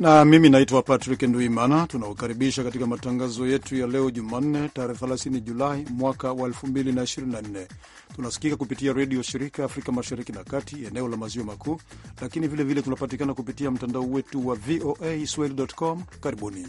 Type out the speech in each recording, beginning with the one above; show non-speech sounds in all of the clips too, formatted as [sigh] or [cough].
na mimi naitwa Patrick Nduimana. Tunawakaribisha katika matangazo yetu ya leo Jumanne, tarehe 30 Julai mwaka wa 2024. Tunasikika kupitia redio shirika Afrika mashariki na kati, eneo la maziwa makuu, lakini vilevile tunapatikana kupitia mtandao wetu wa VOA Swahili.com. Karibuni.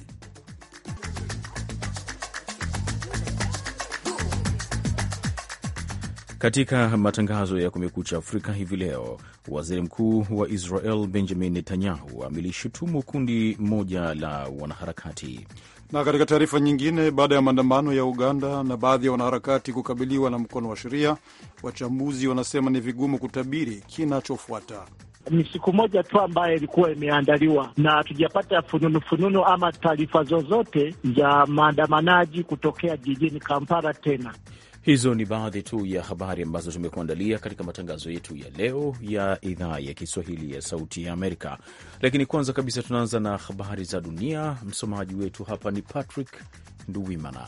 Katika matangazo ya Kumekucha Afrika hivi leo, waziri mkuu wa Israel Benjamin Netanyahu amelishutumu kundi moja la wanaharakati. Na katika taarifa nyingine, baada ya maandamano ya Uganda na baadhi ya wanaharakati kukabiliwa na mkono wa sheria, wachambuzi wanasema ni vigumu kutabiri kinachofuata. Ni siku moja tu ambayo ilikuwa imeandaliwa na hatujapata fununu fununu ama taarifa zozote za maandamanaji kutokea jijini Kampala tena. Hizo ni baadhi tu ya habari ambazo tumekuandalia katika matangazo yetu ya leo ya idhaa ya Kiswahili ya Sauti ya Amerika, lakini kwanza kabisa tunaanza na habari za dunia. Msomaji wetu hapa ni Patrick Nduwimana.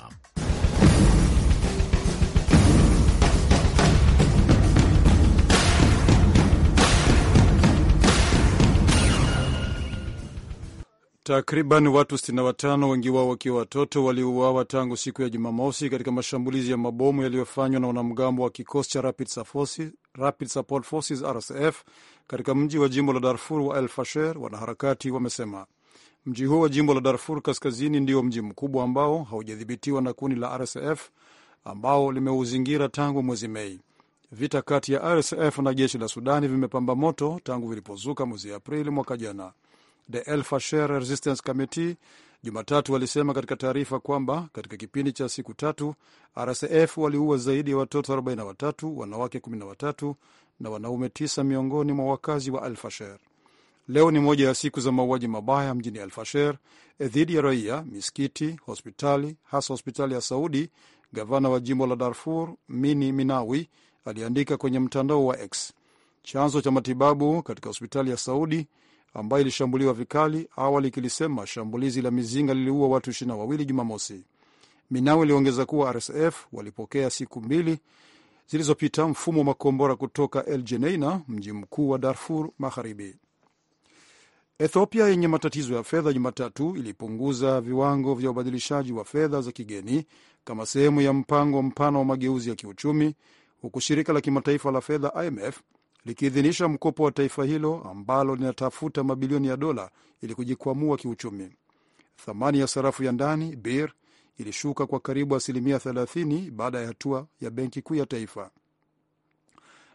Takriban watu 65 wengi wao wakiwa watoto waliouawa tangu siku ya Jumamosi katika mashambulizi ya mabomu yaliyofanywa na wanamgambo wa kikosi cha Rapid Support Forces RSF katika mji wa jimbo la Darfur wa El Fasher, wanaharakati wamesema. Mji huo wa jimbo la Darfur kaskazini ndio mji mkubwa ambao haujadhibitiwa na kundi la RSF ambao limeuzingira tangu mwezi Mei. Vita kati ya RSF na jeshi la Sudani vimepamba moto tangu vilipozuka mwezi Aprili mwaka jana. The El Fasher Resistance Committee Jumatatu walisema katika taarifa kwamba katika kipindi cha siku tatu RSF waliua zaidi ya watoto 43, wanawake 13 na wanaume 9 miongoni mwa wakazi wa Al Fasher. Leo ni moja ya siku za mauaji mabaya mjini Al Fasher eh, dhidi ya raia, misikiti, hospitali, hasa hospitali ya Saudi. Gavana wa jimbo la Darfur Mini Minawi aliandika kwenye mtandao wa X. Chanzo cha matibabu katika hospitali ya Saudi ambayo ilishambuliwa vikali. Awali ikilisema shambulizi la mizinga liliua watu 22 Jumamosi. Minawe iliongeza kuwa RSF walipokea siku mbili zilizopita mfumo wa makombora kutoka El Geneina, mji mkuu wa Darfur Magharibi. Ethiopia yenye matatizo ya fedha Jumatatu ilipunguza viwango vya ubadilishaji wa fedha za kigeni kama sehemu ya mpango mpana wa mageuzi ya kiuchumi, huku shirika la kimataifa la fedha IMF likiidhinisha mkopo wa taifa hilo ambalo linatafuta mabilioni ya dola ili kujikwamua kiuchumi. Thamani ya sarafu ya ndani bir ilishuka kwa karibu asilimia 30 baada ya hatua ya benki kuu ya taifa.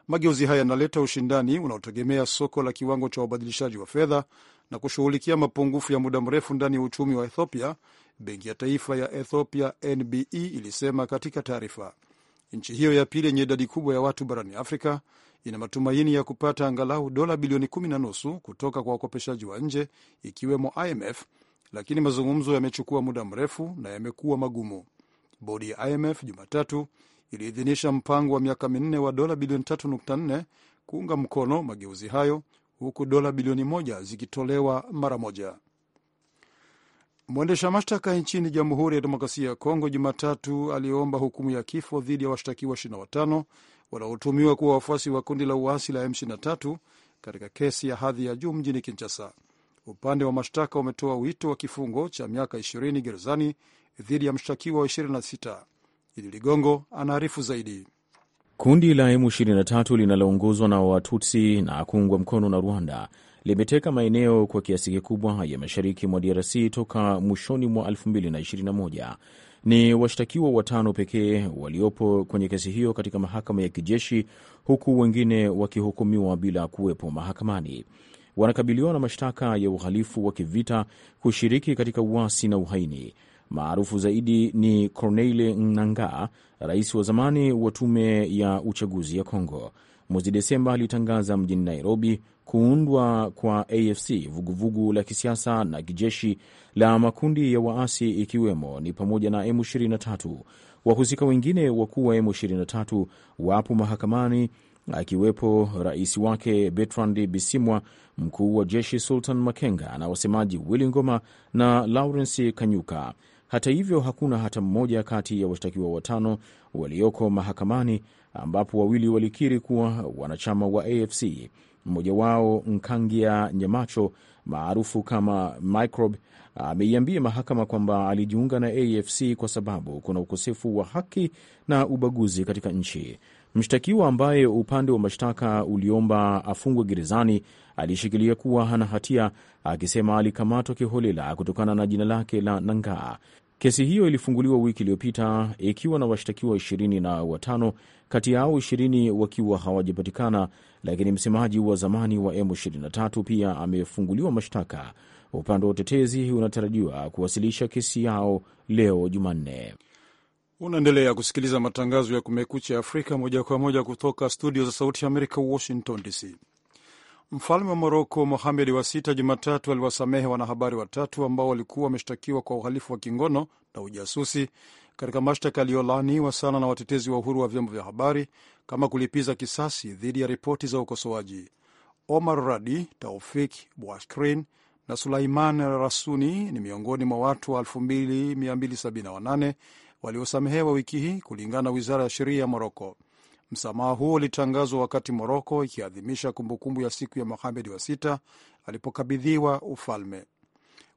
Mageuzi haya yanaleta ushindani unaotegemea soko la kiwango cha ubadilishaji wa fedha na kushughulikia mapungufu ya muda mrefu ndani ya uchumi wa Ethiopia, benki ya taifa ya Ethiopia NBE ilisema katika taarifa. Nchi hiyo ya pili yenye idadi kubwa ya watu barani Afrika ina matumaini ya kupata angalau dola bilioni kumi na nusu kutoka kwa wakopeshaji wa nje ikiwemo IMF, lakini mazungumzo yamechukua muda mrefu na yamekuwa magumu. Bodi ya IMF Jumatatu iliidhinisha mpango wa miaka minne wa dola bilioni 3.4 kuunga mkono mageuzi hayo huku dola bilioni moja zikitolewa mara moja. Mwendesha mashtaka nchini Jamhuri ya Demokrasia ya Kongo Jumatatu aliomba hukumu ya kifo dhidi ya washtakiwa wanaotumiwa kuwa wafuasi wa kundi la uasi la M23 katika kesi ya hadhi ya juu mjini Kinshasa. Upande wa mashtaka umetoa wito wa kifungo cha miaka 20 gerezani dhidi ya mshtakiwa wa 26. Idi Ligongo anaarifu zaidi. Kundi la M23 linaloongozwa na Watutsi na kuungwa mkono na Rwanda limeteka maeneo kwa kiasi kikubwa ya mashariki mwa DRC toka mwishoni mwa 2021 ni washtakiwa watano pekee waliopo kwenye kesi hiyo katika mahakama ya kijeshi, huku wengine wakihukumiwa bila kuwepo mahakamani. Wanakabiliwa na mashtaka ya uhalifu wa kivita, kushiriki katika uasi na uhaini. Maarufu zaidi ni Corneille Nangaa, rais wa zamani wa tume ya uchaguzi ya Kongo. Mwezi Desemba alitangaza mjini Nairobi Kuundwa kwa AFC, vuguvugu la kisiasa na kijeshi la makundi ya waasi ikiwemo ni pamoja na M23. Wahusika wengine wakuu wa M23 wapo mahakamani akiwepo rais wake Bertrand Bisimwa, mkuu wa jeshi Sultan Makenga na wasemaji Willy Ngoma na Lawrence Kanyuka. Hata hivyo hakuna hata mmoja kati ya washtakiwa watano walioko mahakamani, ambapo wawili walikiri kuwa wanachama wa AFC. Mmoja wao Nkangia Nyamacho maarufu kama Microbe ameiambia mahakama kwamba alijiunga na AFC kwa sababu kuna ukosefu wa haki na ubaguzi katika nchi. Mshtakiwa ambaye upande wa mashtaka uliomba afungwe gerezani alishikilia kuwa hana hatia, akisema alikamatwa kiholela kutokana na jina lake la Nangaa. Kesi hiyo ilifunguliwa wiki iliyopita ikiwa na washtakiwa ishirini na watano, kati yao ishirini wakiwa hawajapatikana, lakini msemaji wa zamani wa M23 pia amefunguliwa mashtaka. Upande wa utetezi unatarajiwa kuwasilisha kesi yao leo Jumanne. Unaendelea kusikiliza matangazo ya Kumekucha Afrika moja kwa moja kutoka studio za Sauti ya Amerika, Washington DC. Mfalme wa Moroko Mohamed wa Sita Jumatatu aliwasamehe wanahabari watatu ambao walikuwa wameshtakiwa kwa uhalifu wa kingono na ujasusi katika mashtaka yaliyolaaniwa sana na watetezi wa uhuru wa vyombo vya habari kama kulipiza kisasi dhidi ya ripoti za ukosoaji. Omar Radi, Taufik Bwashkrin na Sulaiman Rasuni ni miongoni mwa watu wa 2278 waliosamehewa wiki hii kulingana na wizara ya sheria ya Moroko. Msamaha huo ulitangazwa wakati Moroko ikiadhimisha kumbukumbu ya siku ya Mohamed wa sita alipokabidhiwa ufalme.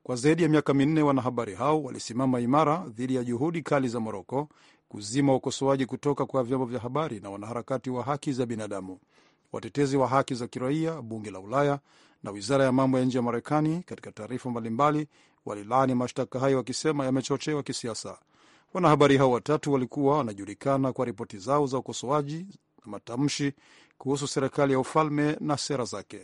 Kwa zaidi ya miaka minne, wanahabari hao walisimama imara dhidi ya juhudi kali za Moroko kuzima ukosoaji kutoka kwa vyombo vya habari na wanaharakati wa haki za binadamu. Watetezi wa haki za kiraia, bunge la Ulaya na wizara ya mambo ya nje ya Marekani, katika taarifa mbalimbali, walilaani mashtaka hayo wakisema yamechochewa kisiasa. Wanahabari hao watatu walikuwa wanajulikana kwa ripoti zao za ukosoaji na matamshi kuhusu serikali ya ufalme na sera zake.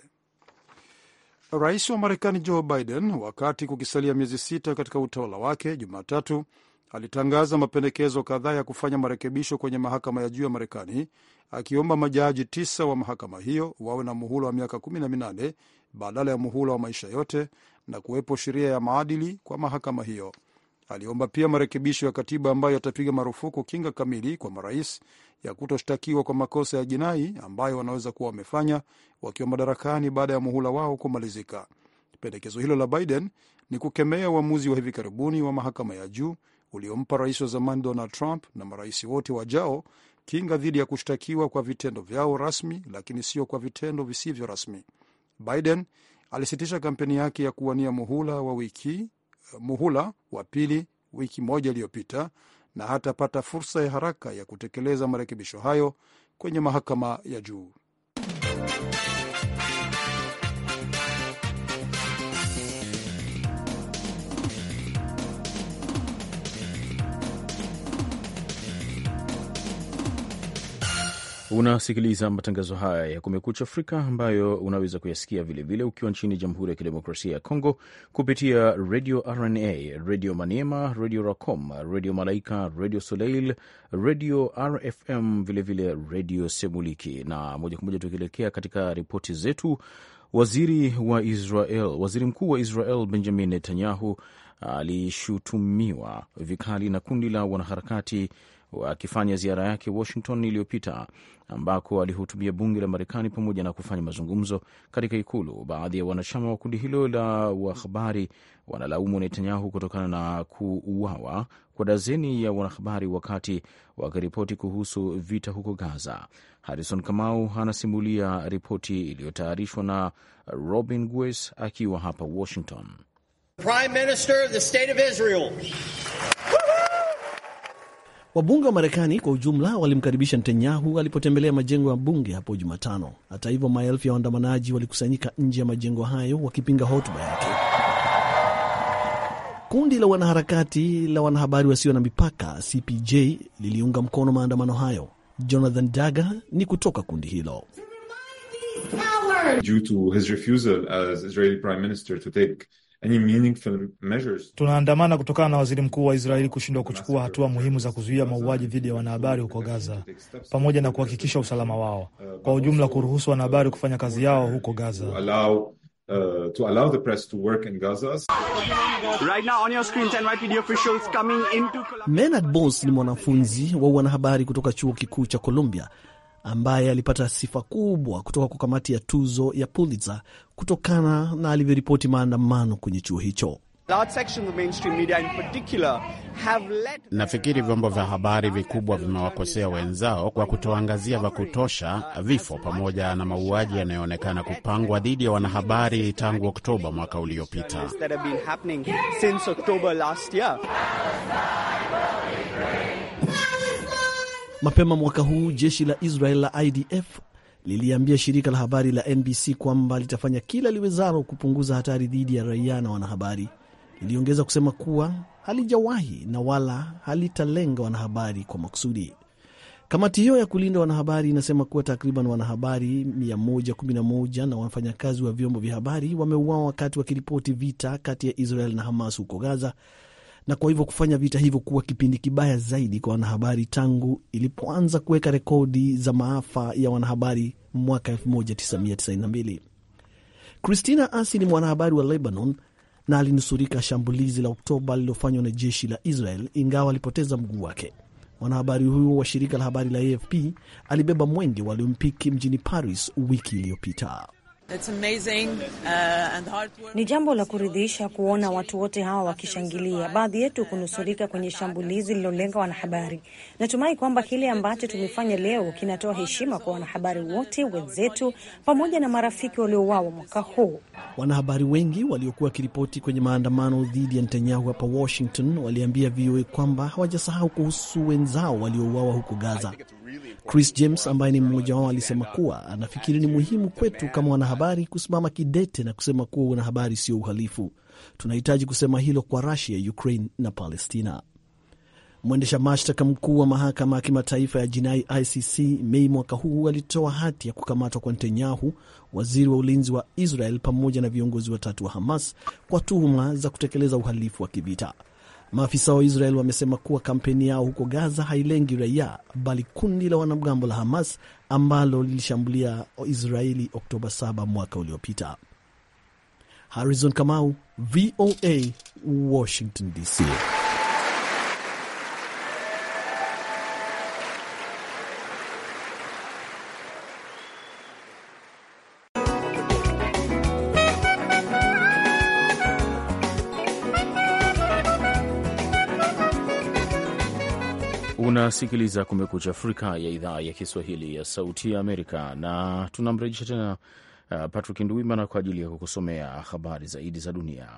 Rais wa Marekani Joe Biden, wakati kukisalia miezi sita katika utawala wake, Jumatatu alitangaza mapendekezo kadhaa ya kufanya marekebisho kwenye mahakama ya juu ya Marekani, akiomba majaji tisa wa mahakama hiyo wawe na muhula wa miaka kumi na minane badala ya muhula wa maisha yote na kuwepo sheria ya maadili kwa mahakama hiyo. Aliomba pia marekebisho ya katiba ambayo yatapiga marufuku kinga kamili kwa marais ya kutoshtakiwa kwa makosa ya jinai ambayo wanaweza kuwa wamefanya wakiwa madarakani baada ya muhula wao kumalizika. Pendekezo hilo la Biden ni kukemea uamuzi wa hivi karibuni wa mahakama ya juu uliompa rais wa zamani Donald Trump na marais wote wajao kinga dhidi ya kushtakiwa kwa vitendo vyao rasmi, lakini sio kwa vitendo visivyo rasmi. Biden alisitisha kampeni yake ya kuwania muhula wa wiki muhula wa pili wiki moja iliyopita na hatapata fursa ya haraka ya kutekeleza marekebisho hayo kwenye mahakama ya juu. Unasikiliza matangazo haya ya Kumekucha Afrika ambayo unaweza kuyasikia vilevile ukiwa nchini Jamhuri ya Kidemokrasia ya Kongo kupitia Radio RNA, Radio Maniema, Radio Racom, Radio Malaika, Radio Soleil, Radio RFM, vilevile vile Radio Semuliki. Na moja kwa moja tukielekea katika ripoti zetu, waziri wa Israel, waziri mkuu wa Israel Benjamin Netanyahu alishutumiwa vikali na kundi la wanaharakati akifanya ziara yake Washington iliyopita ambako alihutubia bunge la Marekani pamoja na kufanya mazungumzo katika Ikulu. Baadhi ya wanachama wa kundi hilo la wahabari wanalaumu Netanyahu kutokana na kuuawa kwa dazeni ya wanahabari wakati wakiripoti kuhusu vita huko Gaza. Harrison Kamau anasimulia ripoti iliyotayarishwa na Robin Gues akiwa hapa Washington. Prime Minister of the State of Israel. Wabunge wa Marekani kwa ujumla walimkaribisha Netanyahu alipotembelea majengo ya bunge hapo Jumatano. Hata hivyo, maelfu ya waandamanaji walikusanyika nje ya majengo hayo wakipinga hotuba yake. Kundi la wanaharakati la wanahabari wasio na mipaka CPJ liliunga mkono maandamano hayo. Jonathan Daga ni kutoka kundi hilo. Due to his refusal as Israeli Prime Minister to take Tunaandamana kutokana na waziri mkuu wa Israeli kushindwa kuchukua hatua muhimu za kuzuia mauaji dhidi ya wanahabari huko Gaza, pamoja na kuhakikisha usalama wao uh, kwa ujumla, kuruhusu wanahabari kufanya kazi yao huko Gaza. Uh, Menard Bos ni mwanafunzi wa wanahabari kutoka chuo kikuu cha Columbia ambaye alipata sifa kubwa kutoka kwa kamati ya tuzo ya Pulitzer kutokana na alivyoripoti maandamano kwenye chuo hicho. Nafikiri vyombo vya habari vikubwa vimewakosea wenzao kwa kutoangazia vya kutosha vifo pamoja na mauaji yanayoonekana kupangwa dhidi ya wanahabari tangu Oktoba mwaka uliopita. [laughs] Mapema mwaka huu jeshi la Israel la IDF liliambia shirika la habari la NBC kwamba litafanya kila liwezalo kupunguza hatari dhidi ya raia na wanahabari. Liliongeza kusema kuwa halijawahi na wala halitalenga wanahabari kwa makusudi. Kamati hiyo ya kulinda wanahabari inasema kuwa takriban wanahabari 111 na wafanyakazi wa vyombo vya habari wameuawa wakati wakiripoti vita kati ya Israel na Hamas huko Gaza, na kwa hivyo kufanya vita hivyo kuwa kipindi kibaya zaidi kwa wanahabari tangu ilipoanza kuweka rekodi za maafa ya wanahabari mwaka 1992. Christina Asi ni mwanahabari wa Lebanon na alinusurika shambulizi la Oktoba lililofanywa na jeshi la Israel, ingawa alipoteza mguu wake. Mwanahabari huyo wa shirika la habari la AFP alibeba mwenge wa Olimpiki mjini Paris wiki iliyopita. Uh, Ni jambo la kuridhisha kuona watu wote hawa wakishangilia, baadhi yetu kunusurika kwenye shambulizi lililolenga wanahabari. Natumai kwamba kile ambacho tumefanya leo kinatoa heshima kwa wanahabari wote wenzetu pamoja na marafiki waliouawa mwaka huu. Wanahabari wengi waliokuwa wakiripoti kwenye maandamano dhidi ya Netanyahu hapa Washington waliambia VOA kwamba hawajasahau kuhusu wenzao waliouawa huko Gaza. Chris James ambaye ni mmoja wao alisema kuwa anafikiri ni muhimu kwetu kama wanahabari kusimama kidete na kusema kuwa wanahabari sio uhalifu. Tunahitaji kusema hilo kwa rasia Ukraine na Palestina. Mwendesha mashtaka mkuu wa mahakama ya kimataifa ya jinai ICC Mei mwaka huu alitoa hati ya kukamatwa kwa Netanyahu, waziri wa ulinzi wa Israel, pamoja na viongozi watatu wa Hamas kwa tuhuma za kutekeleza uhalifu wa kivita. Maafisa wa Israel wamesema kuwa kampeni yao huko Gaza hailengi raia bali kundi la wanamgambo la Hamas ambalo lilishambulia Israeli Oktoba 7 mwaka uliopita. Harrison Kamau, VOA, Washington DC. Unasikiliza Kumekucha Afrika ya idhaa ya Kiswahili ya Sauti ya Amerika, na tunamrejesha tena uh, Patrick Nduwimana kwa ajili ya kukusomea habari zaidi za dunia.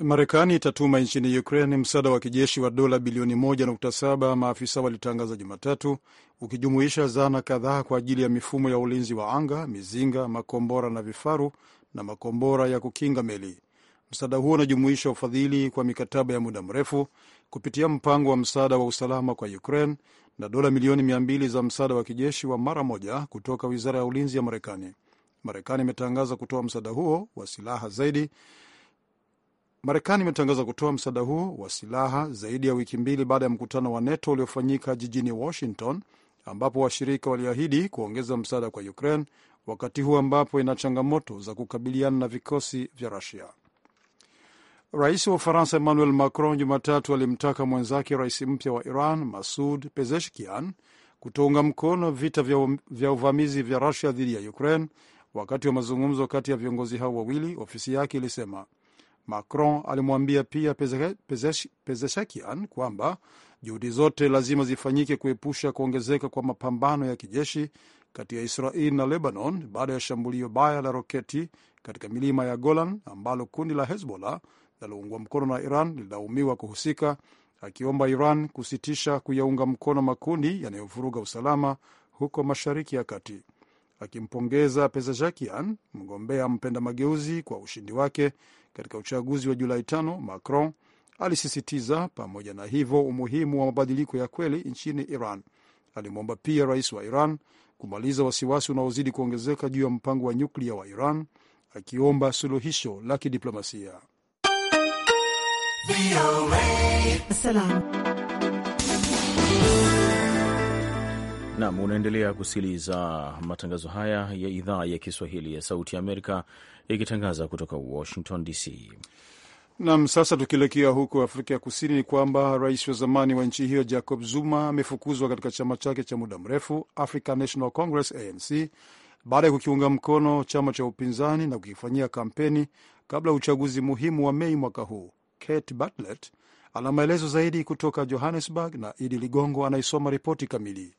Marekani itatuma nchini Ukraine msaada wa kijeshi wa dola bilioni 1.7 maafisa walitangaza Jumatatu, ukijumuisha zana kadhaa kwa ajili ya mifumo ya ulinzi wa anga, mizinga, makombora na vifaru na makombora ya kukinga meli. Msaada huo unajumuisha ufadhili kwa mikataba ya muda mrefu kupitia mpango wa msaada wa usalama kwa Ukraine na dola milioni 200 za msaada wa kijeshi wa mara moja kutoka wizara ya ulinzi ya Marekani. Marekani imetangaza kutoa msaada huo wa silaha zaidi Marekani imetangaza kutoa msaada huo wa silaha zaidi ya wiki mbili baada ya mkutano wa NATO uliofanyika jijini Washington, ambapo washirika waliahidi kuongeza msaada kwa Ukraine wakati huu ambapo ina changamoto za kukabiliana na vikosi vya Rusia. Rais wa Ufaransa Emmanuel Macron Jumatatu alimtaka mwenzake rais mpya wa Iran Masud Pezeshkian kutounga mkono vita vya um-, uvamizi vya Rusia dhidi ya Ukraine wakati wa mazungumzo kati ya viongozi hao wawili, ofisi yake ilisema. Macron alimwambia pia Pezeshakian kwamba juhudi zote lazima zifanyike kuepusha kuongezeka kwa mapambano ya kijeshi kati ya Israel na Lebanon baada ya shambulio baya la roketi katika milima ya Golan ambalo kundi la Hezbollah linaloungwa mkono na Iran lilaumiwa kuhusika, akiomba Iran kusitisha kuyaunga mkono makundi yanayovuruga usalama huko Mashariki ya Kati. Akimpongeza Pezeshakian, mgombea mpenda mageuzi, kwa ushindi wake katika uchaguzi wa Julai tano, Macron alisisitiza pamoja na hivyo umuhimu wa mabadiliko ya kweli nchini Iran. Alimwomba pia rais wa Iran kumaliza wasiwasi unaozidi kuongezeka juu ya mpango wa nyuklia wa Iran, akiomba suluhisho la kidiplomasia. Nam, unaendelea kusikiliza matangazo haya ya idhaa ya Kiswahili ya Sauti ya Amerika ikitangaza kutoka Washington DC. Nam, sasa tukielekea huko Afrika ya Kusini, ni kwamba rais wa zamani wa nchi hiyo Jacob Zuma amefukuzwa katika chama chake cha muda mrefu African National Congress, ANC, baada ya kukiunga mkono chama cha upinzani na kukifanyia kampeni kabla ya uchaguzi muhimu wa Mei mwaka huu. Kate Bartlett ana maelezo zaidi kutoka Johannesburg na Idi Ligongo anaisoma ripoti kamili.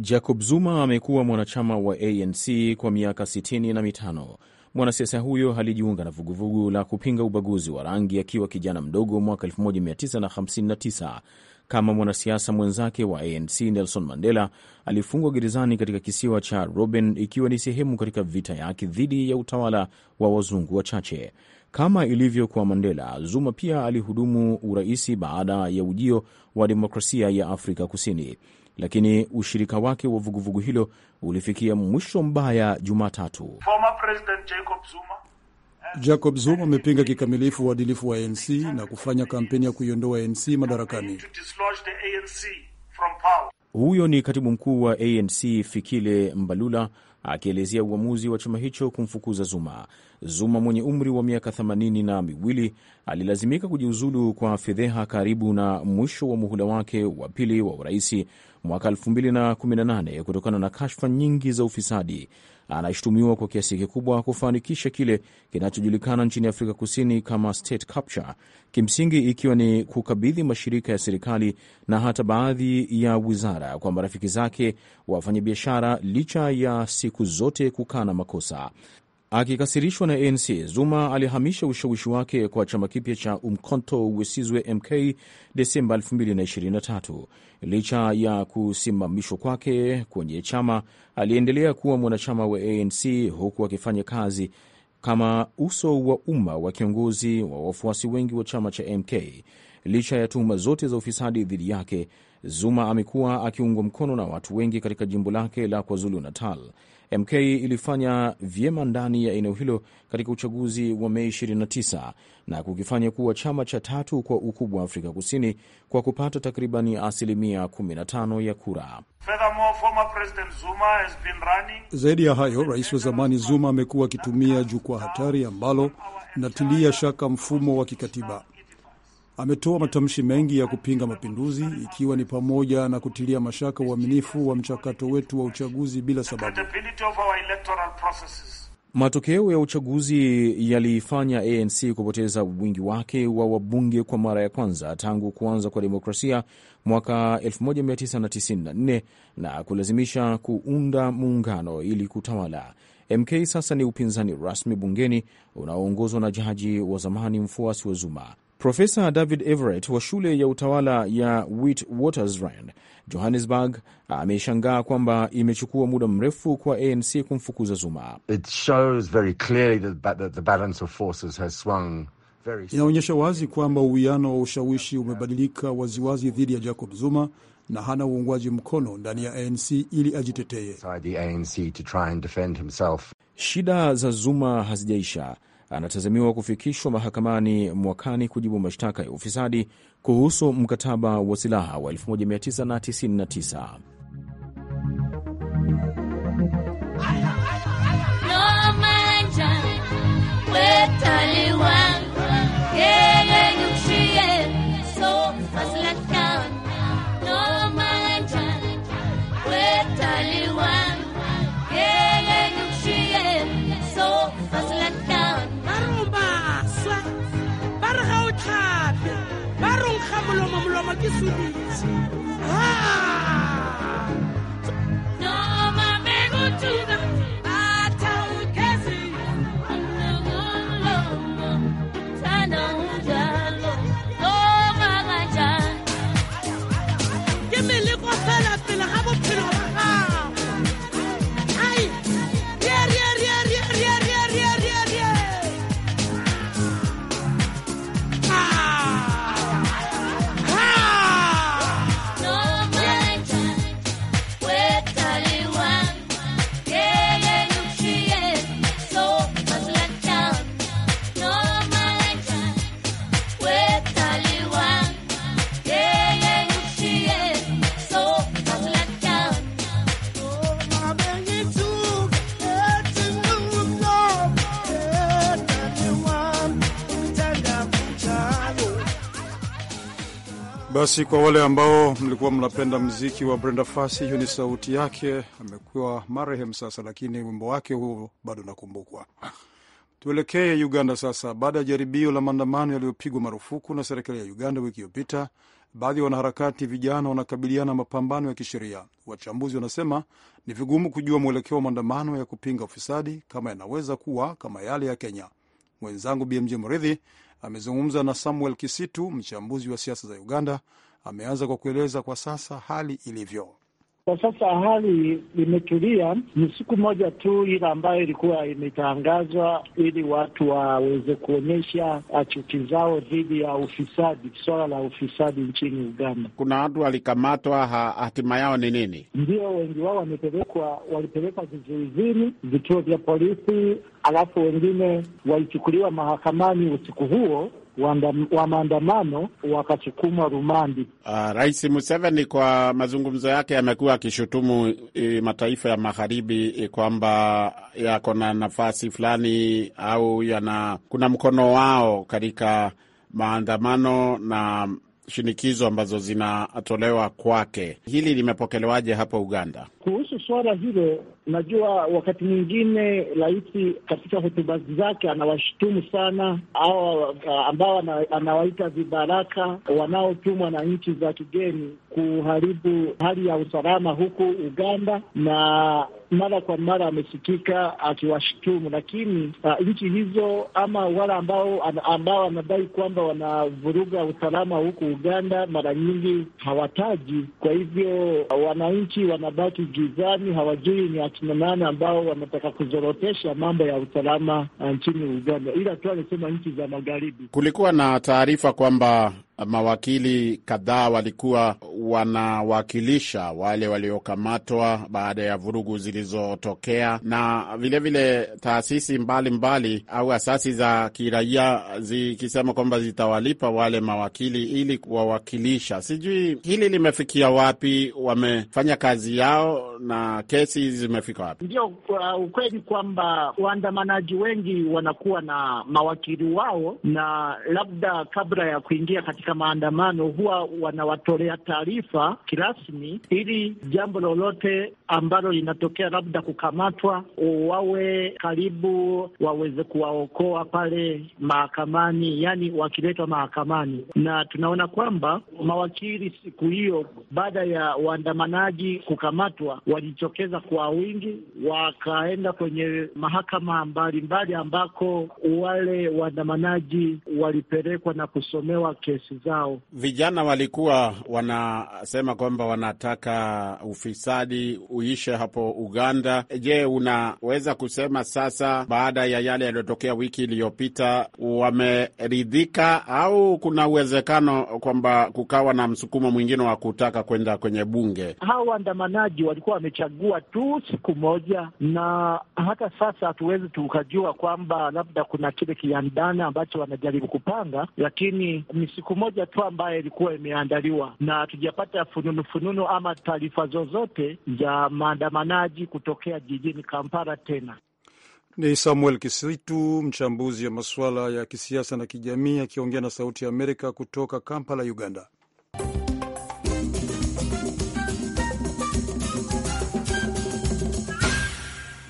Jacob Zuma amekuwa mwanachama wa ANC kwa miaka sitini na mitano. Mwanasiasa huyo alijiunga na vuguvugu la kupinga ubaguzi wa rangi akiwa kijana mdogo mwaka 1959. Kama mwanasiasa mwenzake wa ANC Nelson Mandela alifungwa gerezani katika kisiwa cha Robben ikiwa ni sehemu katika vita yake dhidi ya utawala wa wazungu wachache. Kama ilivyo kwa Mandela, Zuma pia alihudumu uraisi baada ya ujio wa demokrasia ya Afrika Kusini lakini ushirika wake wa vuguvugu hilo ulifikia mwisho mbaya Jumatatu. Uh, Jacob Zuma amepinga kikamilifu uadilifu wa ANC na kufanya kampeni ya kuiondoa ANC madarakani. Huyo ni katibu mkuu wa ANC Fikile Mbalula akielezea uamuzi wa chama hicho kumfukuza Zuma. Zuma mwenye umri wa miaka themanini na miwili alilazimika kujiuzulu kwa fedheha karibu na mwisho wa muhula wake wa pili wa uraisi mwaka 2018 kutokana na kashfa nyingi za ufisadi anashutumiwa kwa kiasi kikubwa kufanikisha kile kinachojulikana nchini Afrika Kusini kama state capture, kimsingi ikiwa ni kukabidhi mashirika ya serikali na hata baadhi ya wizara kwa marafiki zake wafanyabiashara, licha ya siku zote kukana makosa. Akikasirishwa na ANC, Zuma alihamisha ushawishi wake kwa chama kipya cha Umkhonto Wesizwe MK Desemba 2023. Licha ya kusimamishwa kwake kwenye chama, aliendelea kuwa mwanachama wa ANC huku akifanya kazi kama uso wa umma wa kiongozi wa wafuasi wengi wa chama cha MK. Licha ya tuhuma zote za ufisadi dhidi yake, Zuma amekuwa akiungwa mkono na watu wengi katika jimbo lake la KwaZulu Natal. MK ilifanya vyema ndani ya eneo hilo katika uchaguzi wa Mei 29 na kukifanya kuwa chama cha tatu kwa ukubwa Afrika Kusini kwa kupata takribani asilimia 15 ya kura. Zaidi ya hayo, rais wa zamani Zuma amekuwa akitumia jukwaa hatari ambalo natilia shaka mfumo wa kikatiba ametoa matamshi mengi ya kupinga mapinduzi ikiwa ni pamoja na kutilia mashaka uaminifu wa mchakato wetu wa uchaguzi bila sababu. Matokeo ya uchaguzi yaliifanya ANC kupoteza wingi wake wa wabunge kwa mara ya kwanza tangu kuanza kwa demokrasia mwaka 1994 na kulazimisha kuunda muungano ili kutawala. MK sasa ni upinzani rasmi bungeni unaoongozwa na jaji wa zamani mfuasi wa Zuma. Profesa David Everett wa shule ya utawala ya Witwatersrand Johannesburg ameshangaa kwamba imechukua muda mrefu kwa ANC kumfukuza Zuma. Inaonyesha wazi kwamba uwiano wa ushawishi umebadilika waziwazi dhidi ya Jacob Zuma na hana uungwaji mkono ndani ya ANC ili ajiteteye. Shida za Zuma hazijaisha anatazamiwa kufikishwa mahakamani mwakani kujibu mashtaka ya ufisadi kuhusu mkataba wa silaha wa 1999. Basi kwa wale ambao mlikuwa mnapenda mziki wa Brenda Fasi, hiyo ni sauti yake. Amekuwa marehemu sasa, lakini wimbo wake huo bado nakumbukwa. [laughs] Tuelekee Uganda sasa. Baada ya jaribio la maandamano yaliyopigwa marufuku na serikali ya Uganda wiki iliyopita, baadhi ya wanaharakati vijana wanakabiliana na mapambano ya kisheria. Wachambuzi wanasema ni vigumu kujua mwelekeo wa maandamano ya kupinga ufisadi kama yanaweza kuwa kama yale ya Kenya. Mwenzangu BMJ Mridhi amezungumza na Samuel Kisitu, mchambuzi wa siasa za Uganda. Ameanza kwa kueleza kwa sasa hali ilivyo. Kwa sasa hali imetulia, ni siku moja tu ile ambayo ilikuwa imetangazwa ili watu waweze kuonyesha chuki zao dhidi ya ufisadi, swala la ufisadi nchini Uganda. Kuna watu walikamatwa, hatima yao ni nini? Ndio, wengi wao wamepelekwa, walipelekwa vizuizini, vituo vya polisi, alafu wengine walichukuliwa mahakamani usiku huo wa maandamano wakasukumwa rumandi. Uh, Rais Museveni kwa mazungumzo yake amekuwa akishutumu e, mataifa ya magharibi e, kwamba yako na nafasi fulani au yana kuna mkono wao katika maandamano na shinikizo ambazo zinatolewa kwake. Hili limepokelewaje hapo Uganda kuhusu suala hilo? Unajua, wakati mwingine rais katika hotuba zake anawashtumu sana au ah, ambao anawaita vibaraka wanaotumwa na nchi za kigeni kuharibu hali ya usalama huku Uganda, na mara kwa mara amesikika akiwashtumu, lakini uh, nchi hizo ama wale ambao ambao wanadai kwamba wanavuruga usalama huku Uganda mara nyingi hawataji. Kwa hivyo wananchi wanabaki gizani, hawajui ni na nane ambao wanataka kuzorotesha mambo ya usalama uh, nchini Uganda, ila tu alisema nchi za magharibi. Kulikuwa na taarifa kwamba mawakili kadhaa walikuwa wanawakilisha wale waliokamatwa baada ya vurugu zilizotokea, na vilevile vile taasisi mbalimbali mbali, au asasi za kiraia zikisema kwamba zitawalipa wale mawakili ili kuwawakilisha. Sijui hili limefikia wapi, wamefanya kazi yao na kesi zimefika wapi? Ndio uh, ukweli kwamba waandamanaji wengi wanakuwa na mawakili wao, na labda kabla ya kuingia katika katika maandamano huwa wanawatolea taarifa kirasmi, ili jambo lolote ambalo linatokea, labda kukamatwa, wawe karibu, waweze kuwaokoa pale mahakamani, yani wakiletwa mahakamani. Na tunaona kwamba mawakili siku hiyo, baada ya waandamanaji kukamatwa, walijitokeza kwa wingi, wakaenda kwenye mahakama mbalimbali ambako wale waandamanaji walipelekwa na kusomewa kesi zao. Vijana walikuwa wanasema kwamba wanataka ufisadi uishe hapo Uganda. Je, unaweza kusema sasa baada ya yale yaliyotokea wiki iliyopita wameridhika, au kuna uwezekano kwamba kukawa na msukumo mwingine wa kutaka kwenda kwenye bunge? Hao waandamanaji walikuwa wamechagua tu siku moja, na hata sasa hatuwezi tukajua kwamba labda kuna kile kiandana ambacho wanajaribu kupanga, lakini ni siku moja moja tu ambayo ilikuwa imeandaliwa, na hatujapata fununu fununu ama taarifa zozote za maandamanaji kutokea jijini Kampala tena. Ni Samuel Kisitu, mchambuzi wa masuala ya kisiasa na kijamii, akiongea na Sauti ya Amerika kutoka Kampala, Uganda.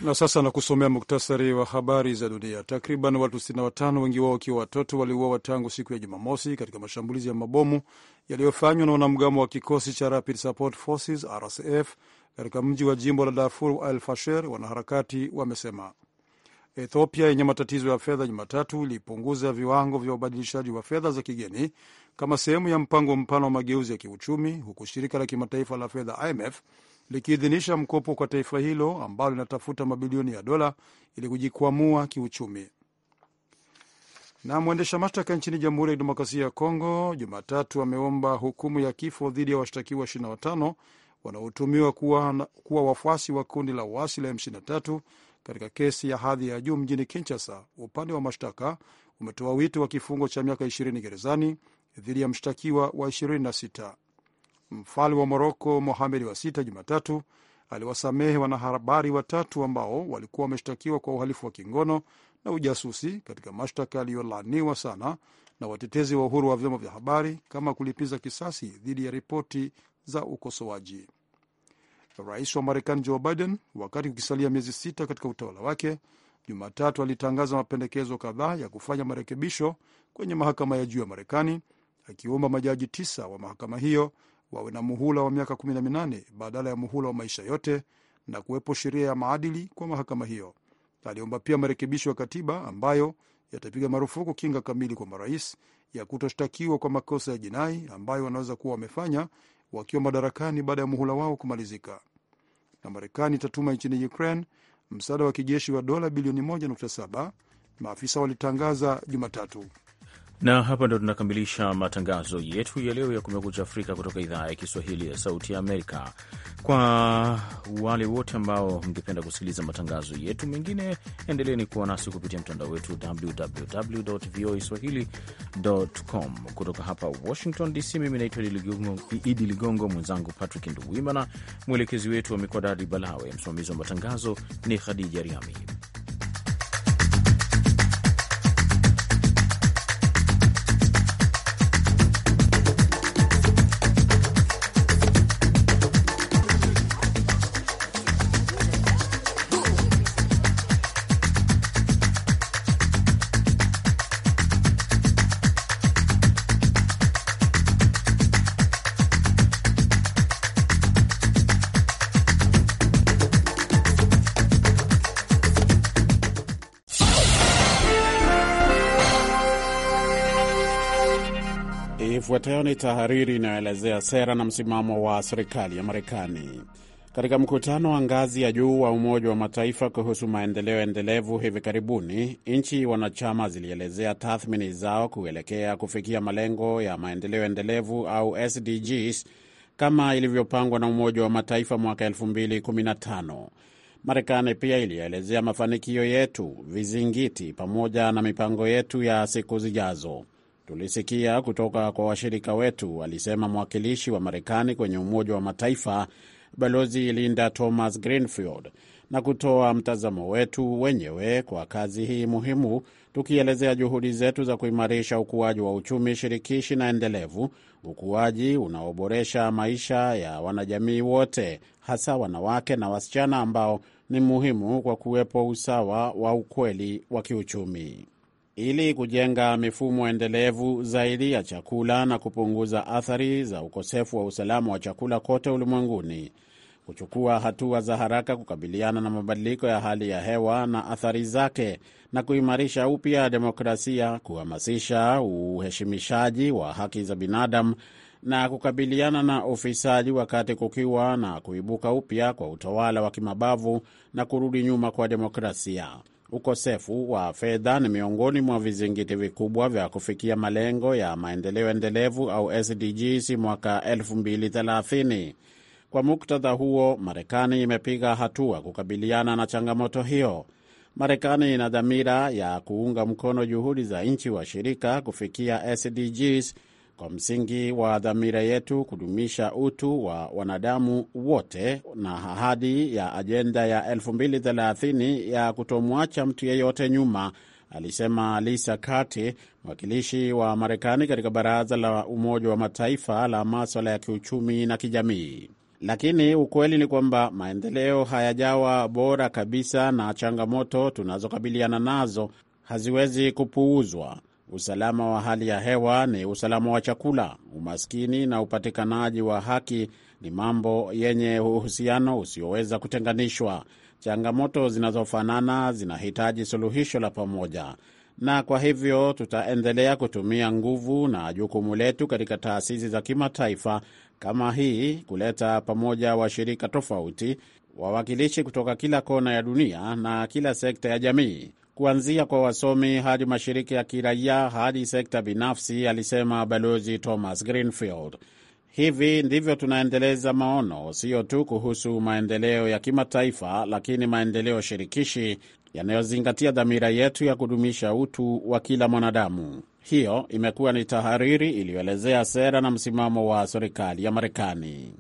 Na sasa nakusomea muktasari wa habari za dunia. Takriban watu 65 wengi wao wakiwa watoto waliuawa tangu siku ya Jumamosi katika mashambulizi ya mabomu yaliyofanywa na wanamgambo wa kikosi cha Rapid Support Forces RSF katika mji wa jimbo la Darfur Al Fasher, wanaharakati wamesema. Ethiopia yenye matatizo ya fedha Jumatatu ilipunguza viwango vya ubadilishaji wa fedha za kigeni kama sehemu ya mpango mpana wa mageuzi ya kiuchumi, huku shirika la kimataifa la fedha IMF likiidhinisha mkopo kwa taifa hilo ambalo linatafuta mabilioni ya dola ili kujikwamua kiuchumi. Na mwendesha mashtaka nchini Jamhuri ya Kidemokrasia ya Kongo Jumatatu ameomba hukumu ya kifo dhidi ya washtakiwa 25 wanaotumiwa kuwa, kuwa wafuasi wa kundi la uasi la M23 katika kesi ya hadhi ya juu mjini Kinshasa. Upande wa mashtaka umetoa wito wa kifungo cha miaka 20 gerezani dhidi ya mshtakiwa wa 26. Mfalme wa Moroko Mohamed wa sita Jumatatu aliwasamehe wanahabari watatu ambao walikuwa wameshtakiwa kwa uhalifu wa kingono na ujasusi katika mashtaka yaliyolaaniwa sana na watetezi wa uhuru wa vyombo vya habari kama kulipiza kisasi dhidi ya ripoti za ukosoaji. Rais wa Marekani Joe Biden, wakati kukisalia miezi sita katika utawala wake, Jumatatu alitangaza mapendekezo kadhaa ya kufanya marekebisho kwenye mahakama ya juu ya Marekani, akiomba majaji tisa wa mahakama hiyo wawe na muhula wa miaka 18 badala ya muhula wa maisha yote na kuwepo sheria ya maadili kwa mahakama hiyo. Aliomba pia marekebisho ya katiba ambayo yatapiga marufuku kinga kamili kwa marais ya kutoshtakiwa kwa makosa ya jinai ambayo wanaweza kuwa wamefanya wakiwa madarakani baada ya muhula wao kumalizika. Na Marekani itatuma nchini Ukraine msaada wa kijeshi wa dola bilioni 1.7 maafisa walitangaza Jumatatu na hapa ndo tunakamilisha matangazo yetu ya leo ya Kumekucha Afrika kutoka idhaa ya Kiswahili ya Sauti ya Amerika. Kwa wale wote ambao mngependa kusikiliza matangazo yetu mengine, endeleni kuwa nasi kupitia mtandao wetu www voa swahili.com. Kutoka hapa Washington DC, mimi naitwa Idi Ligongo, mwenzangu Patrick Nduwimana, mwelekezi wetu amekuwa Dadi Balawe, msimamizi wa matangazo ni Khadija Riami. tahariri inayoelezea sera na msimamo wa serikali ya Marekani. Katika mkutano wa ngazi ya juu wa Umoja wa Mataifa kuhusu maendeleo endelevu hivi karibuni, nchi wanachama zilielezea tathmini zao kuelekea kufikia malengo ya maendeleo endelevu au SDGs kama ilivyopangwa na Umoja wa Mataifa mwaka 2015. Marekani pia ilielezea mafanikio yetu, vizingiti, pamoja na mipango yetu ya siku zijazo tulisikia kutoka kwa washirika wetu, alisema mwakilishi wa Marekani kwenye Umoja wa Mataifa Balozi Linda Thomas Greenfield, na kutoa mtazamo wetu wenyewe kwa kazi hii muhimu, tukielezea juhudi zetu za kuimarisha ukuaji wa uchumi shirikishi na endelevu, ukuaji unaoboresha maisha ya wanajamii wote, hasa wanawake na wasichana ambao ni muhimu kwa kuwepo usawa wa ukweli wa kiuchumi ili kujenga mifumo endelevu zaidi ya chakula na kupunguza athari za ukosefu wa usalama wa chakula kote ulimwenguni, kuchukua hatua za haraka kukabiliana na mabadiliko ya hali ya hewa na athari zake, na kuimarisha upya demokrasia, kuhamasisha uheshimishaji wa haki za binadamu na kukabiliana na ufisadi, wakati kukiwa na kuibuka upya kwa utawala wa kimabavu na kurudi nyuma kwa demokrasia. Ukosefu wa fedha ni miongoni mwa vizingiti vikubwa vya kufikia malengo ya maendeleo endelevu au SDGs mwaka 2030. Kwa muktadha huo, Marekani imepiga hatua kukabiliana na changamoto hiyo. Marekani ina dhamira ya kuunga mkono juhudi za nchi washirika kufikia SDGs kwa msingi wa dhamira yetu kudumisha utu wa wanadamu wote na ahadi ya ajenda ya 2030 ya kutomwacha mtu yeyote nyuma, alisema Lisa Carty, mwakilishi wa Marekani katika Baraza la Umoja wa Mataifa la maswala ya kiuchumi na kijamii. Lakini ukweli ni kwamba maendeleo hayajawa bora kabisa, na changamoto tunazokabiliana nazo haziwezi kupuuzwa. Usalama wa hali ya hewa ni usalama wa chakula. Umaskini na upatikanaji wa haki ni mambo yenye uhusiano usioweza kutenganishwa. Changamoto zinazofanana zinahitaji suluhisho la pamoja, na kwa hivyo tutaendelea kutumia nguvu na jukumu letu katika taasisi za kimataifa kama hii kuleta pamoja washirika tofauti, wawakilishi kutoka kila kona ya dunia na kila sekta ya jamii kuanzia kwa wasomi hadi mashirika ya kiraia hadi sekta binafsi, alisema Balozi Thomas Greenfield. Hivi ndivyo tunaendeleza maono, sio tu kuhusu maendeleo ya kimataifa, lakini maendeleo shirikishi yanayozingatia dhamira yetu ya kudumisha utu wa kila mwanadamu. Hiyo imekuwa ni tahariri iliyoelezea sera na msimamo wa serikali ya Marekani.